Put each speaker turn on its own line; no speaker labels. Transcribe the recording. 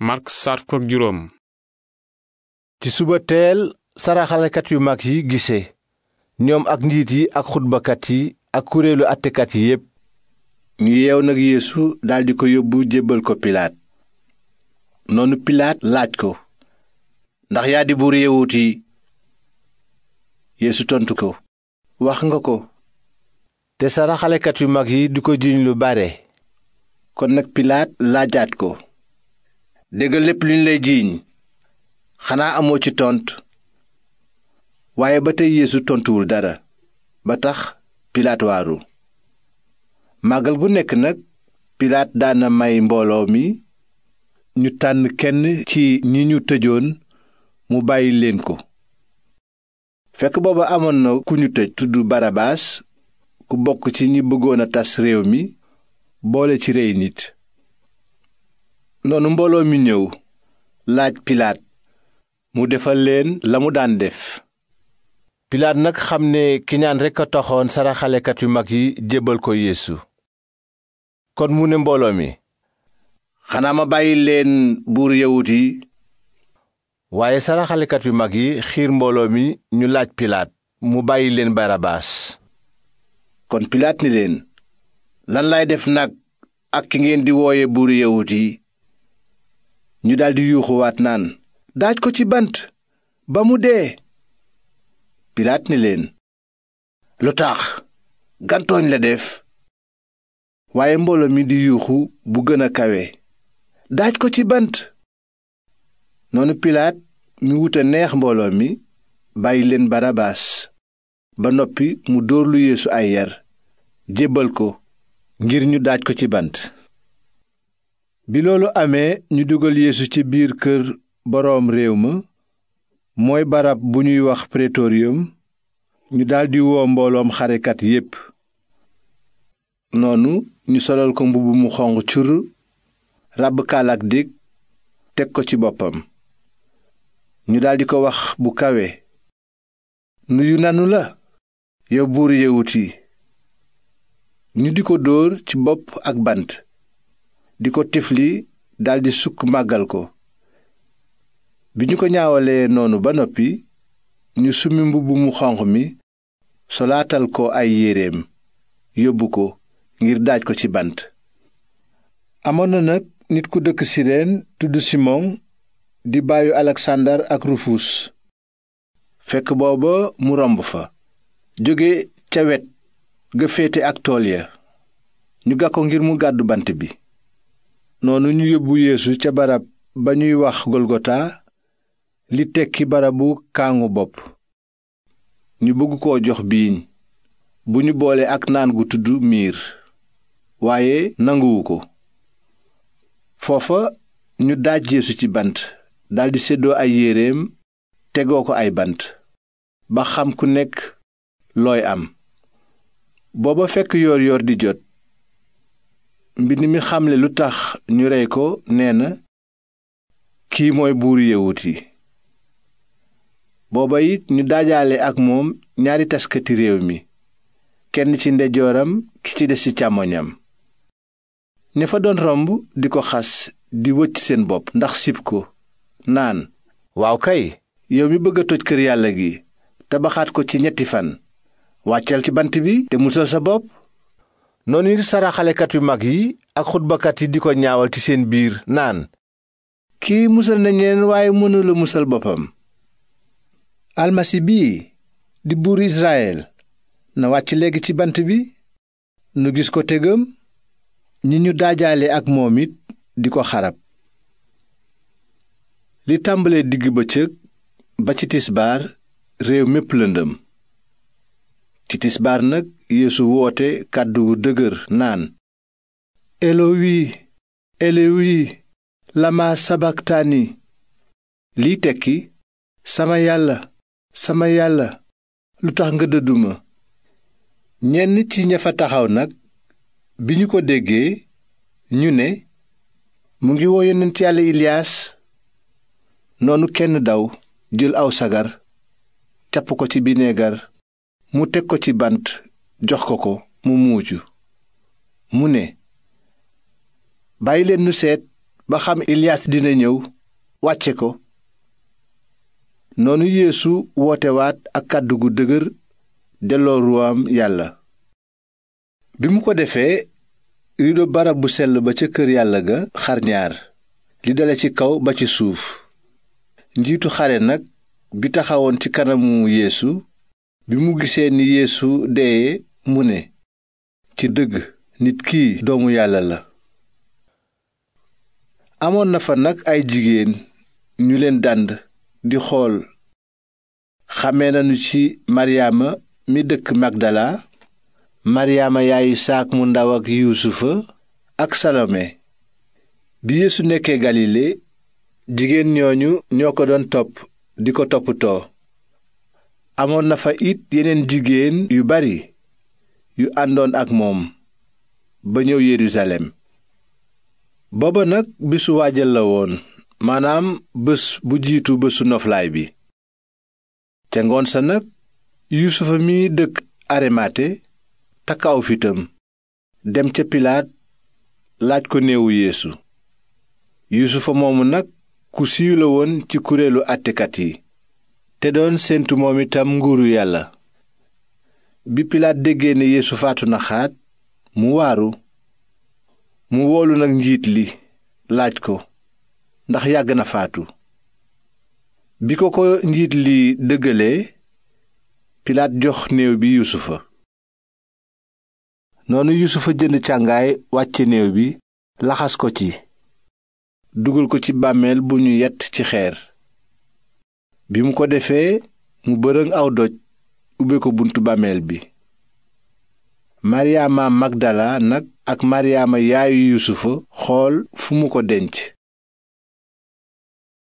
Mark saar ci suba teel saraxalekat yu mag yi gise ñoom ak njiit yi ak xutbakat yi ak kuréelu attekat yi yépp ñu yeew nag yeesu daldi ko yóbbu jébbal ko pilaat noonu pilaat laaj ko ndax yaa di buur yawut yi yéesu tontu ko wax nga ko te saraxalekat yu mag yi di ko jiiñ lu bare kon nag pilaat laajaat ko déggal lépp lu ñu jiiñ xanaa amoo ci tontu waaye ba tey yéesu tontuwul dara ba tax pilaat waaru màggal gu nekk nag pilaat daana may mbooloo mi ñu tànn kenn ci ñi ñu tëjoon mu bàyyi leen ko fekk booba amoon na ku ñu tëj tudd barabaas ku bokk ci ñi bëggoon a tas réew mi boole ci rey nit noonu mbooloo mi ñëw laaj pilaat mu defal leen la mu daan def pilaat nag xam ne kiñaan rekk a toxoon saraxalekat yu mag yi jébbal ko yeesu kon mu ne mbooloo mi xanaa ma bàyyi leen buur yawut yi waaye saraxalekat yu mag yi xiir mbooloo mi ñu laaj pilaat mu bàyyi leen barabaas kon pilaat ni leen lan lay def nag ak ki ngeen di wooye buur yawut yi ñu daldi yuuxuwaat naan daaj ko ci bant ba mu dee pilaat ni leen lu tax gantooñ la def waaye mbooloo mi di yuuxu bu gën a kawe daaj ko ci bant noonu pilaat mi wuta neex mbooloo mi bàyyi leen barabaas ba noppi mu dóor lu yéesu ay yar jébbal ko ngir ñu daaj ko ci bant bi loolu amee ñu dugal yéesu ci biir kër boroom réew ma mooy barab bu ñuy wax prétorium ñu daldi woo mbooloom xarekat yépp noonu ñu solal ko mbubb mu xonq cur ràbb kaalaak dég teg ko ci boppam ñu daldi ko wax bu kawe nuyu nanu la yow buuru yawut yi ñu di ko dóor ci bopp ak bant di ko tifli daldi sukk màggal ko bi ñu ko ñaawalee noonu ba noppi ñu summi mbubb mu xonq mi solaatal ko ay yéreem yóbbu ko ngir daaj ko ci bant amoon na nag nit ku dëkk sireen tudd simon di baayu alexandar ak rufus fekk booba mu romb fa jóge ca wet ga féete ak tool ya ñu gàkko ngir mu gàddu bant bi noonu ñu yóbbu yéesu ca barab ba ñuy wax golgota li tekki barabu kaangu bopp ñu bëgg ko jox biiñ bu ñu boole ak naan gu tudd miir waaye nanguwu ko foofa ñu daaj yeesu ci bant daldi séddoo ay yéreem tegoo ko ay bant ba xam ku nekk looy am booba fekk yoor yoor di jot mbind mi xamle lu tax ñu rey ko nee na kii mooy buur yawut yi booba it ñu daajaale ak moom ñaari taskati réew mi kenn ci ndeyjooram ki ci des ci càmmoñam ña fa doon romb di ko xas di wëcc seen bopp ndax sib ko naan waaw kay yow mi bëgg toj kër yàlla gi tabaxaat ko ci ñetti fan wàccal ci bant bi te musal sa bopp noonu it saraxalekat yu mag yi ak xutbakat yi di ko ñaawal ci seen biir naan kii musal na ñeneen waaye mënula musal boppam almasi bii di buur Israël na wàcc léegi ci bant bi nu gis ko tegam ñi ñu daajaale ak moom it di ko xarab li tàmbalee digg bëccëg ba ci tisbaar réew mépp lëndëm ci tisbaar nag yeesu woote kàddu dëgër naan elowi elowi lama sabaktani lii tekki sama yàlla sama yàlla lu tax nga dëdduma ñenn ci ña fa taxaw nag bi ñu ko déggee ñu ne mu ngi woo yonent yàlla iliyaas noonu kenn daw jël aw sagar capp ko ci bineegar mu teg ko ci bant jox ko ko mu muucu mu ne bàyyileen nu seet ba xam Ilias dina ñëw wàcce ko noonu yéesu wootewaat ak kàddu gu dëgër delloo ruwaam yàlla bi mu ko defee rido barab bu sell ba ca kër yàlla ga xar ñaar li dale ci kaw ba ci suuf njiitu xare nag bi taxawoon ci kanamu yéesu bi mu gisee ni yéesu dee mu ne ci dëgg nit kii doomu yàlla la amoon na fa nag ay jigéen ñu leen dànd di xool xamee nañu ci maryaama mi dëkk magdala maryaama yaayu saak mu ndaw ak yuusufa ak salome bi yeesu nekkee galile jigéen ñooñu ñoo ko doon topp di ko toppatoo amoon na fa it yeneen jigéen yu bari yu àndoon ak moom ba ñëw Yerusalem booba nag bésu waajal la woon maanaam bés bu jiitu bésu noflaay bi ca ngoon sa nag yuusufa mi dëkk aremate takkaaw fitam dem ca pilaat laaj ko néewu yeesu yuusufa moomu nag ku siiw la woon ci kuréelu àttekat yi te doon séentu moom itam nguuru yàlla bi pilaat déggee ne yeesu faatu na xaat mu waaru mu woolu nag njiit li laaj ko ndax yàgg na faatu bi ko ko njiit li dëggalee pilaat jox néew bi yusufa noonu yusufa jënd càngaay wàcce néew bi laxas ko ci dugal ko ci bàmmeel bu ñu yett ci xeer bi mu ko defee mu bërëng aw doj ubbe ko buntu bàmmeel bi maryaama magdala nag ak maryaama yaayu yusufa xool fu mu ko denc